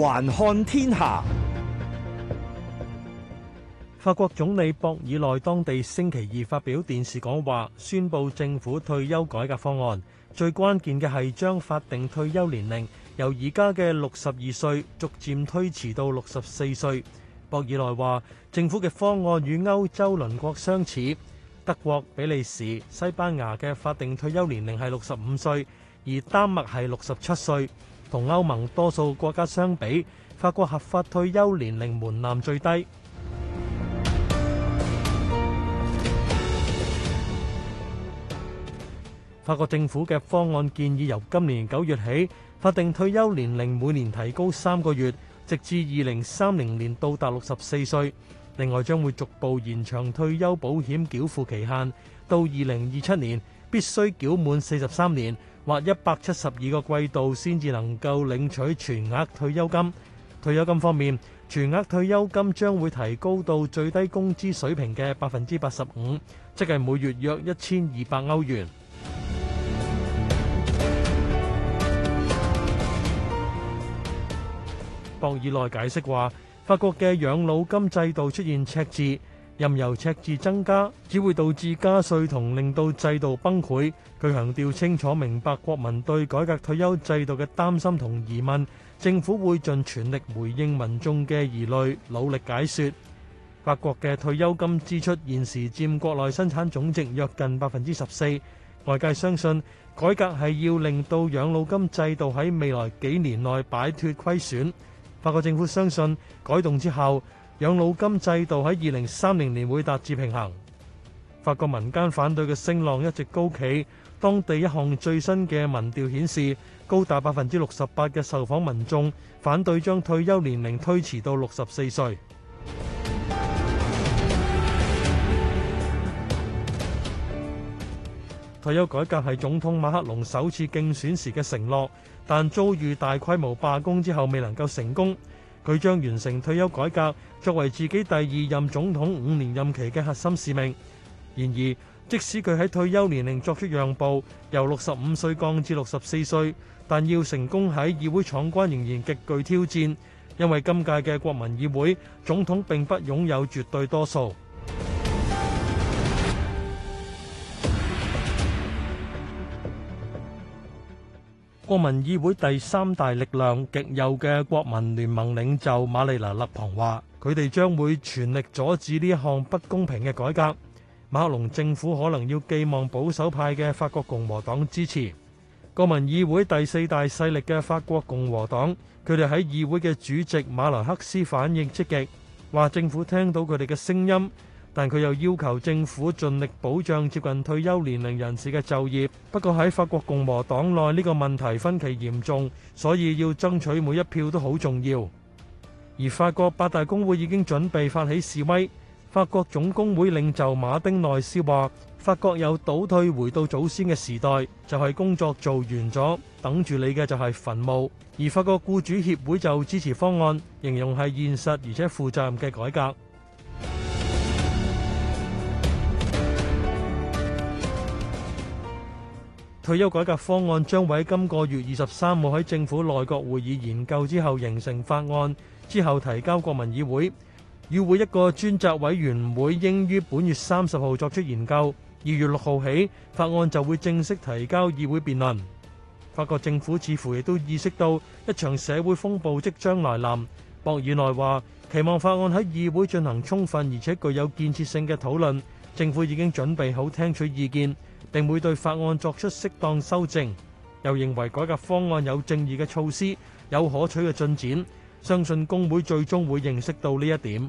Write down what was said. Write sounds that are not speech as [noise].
環看天下，法國總理博爾內當地星期二發表電視講話，宣布政府退休改革方案。最關鍵嘅係將法定退休年齡由而家嘅六十二歲，逐漸推遲到六十四歲。博爾內話，政府嘅方案與歐洲鄰國相似，德國、比利時、西班牙嘅法定退休年齡係六十五歲，而丹麥係六十七歲。同歐盟多數國家相比，法國合法退休年齡門檻最低。法國政府嘅方案建議由今年九月起，法定退休年齡每年提高三個月，直至二零三零年到達六十四歲。另外，將會逐步延長退休保險繳付期限，到二零二七年必須繳滿四十三年。或一百七十二個季度先至能夠領取全額退休金。退休金方面,全額退休金將會提高到最低工資水平嘅百分之八十五,即係每月約一千二百歐元.博爾內解釋話,法國嘅養老金制度出現赤字。 [noise] 任由赤字增加，只會導致加稅同令到制度崩潰。佢強調清楚明白國民對改革退休制度嘅擔心同疑問，政府會盡全力回應民眾嘅疑慮，努力解說。法國嘅退休金支出現時佔國內生產總值約近養老金制度喺二零三零年會達至平衡。法國民間反對嘅聲浪一直高企，當地一項最新嘅民調顯示，高達百分之六十八嘅受訪民眾反對將退休年齡推遲到六十四歲。退休改革係總統馬克龍首次競選時嘅承諾，但遭遇大規模罷工之後，未能夠成功。佢將完成退休改革，作為自己第二任總統五年任期嘅核心使命。然而，即使佢喺退休年齡作出讓步，由六十五歲降至六十四歲，但要成功喺議會闖關仍然極具挑戰，因為今屆嘅國民議會，總統並不擁有絕對多數。國民議會第三大力量極右嘅國民聯盟領袖瑪麗娜勒龐話：佢哋將會全力阻止呢一項不公平嘅改革。馬克龍政府可能要寄望保守派嘅法國共和黨支持。國民議會第四大勢力嘅法國共和黨，佢哋喺議會嘅主席馬萊克斯反應積極，話政府聽到佢哋嘅聲音。但佢又要求政府盡力保障接近退休年齡人士嘅就業，不過喺法國共和黨內呢個問題分歧嚴重，所以要爭取每一票都好重要。而法國八大工會已經準備發起示威。法國總工會領袖馬丁內斯話，法國有倒退回到祖先嘅時代，就係、是、工作做完咗，等住你嘅就係墳墓。而法國僱主協會就支持方案，形容係現實而且負責任嘅改革。退休改革方案將會喺今個月二十三號喺政府內閣會議研究之後形成法案，之後提交國民議會。議會一個專責委員會應於本月三十號作出研究，二月六號起，法案就會正式提交議會辯論。法國政府似乎亦都意識到一場社會風暴即將來臨。博爾內話，期望法案喺議會進行充分而且具有建設性嘅討論。政府已經準備好聽取意見，並會對法案作出適當修正，又認為改革方案有正義嘅措施，有可取嘅進展，相信工會最終會認識到呢一點。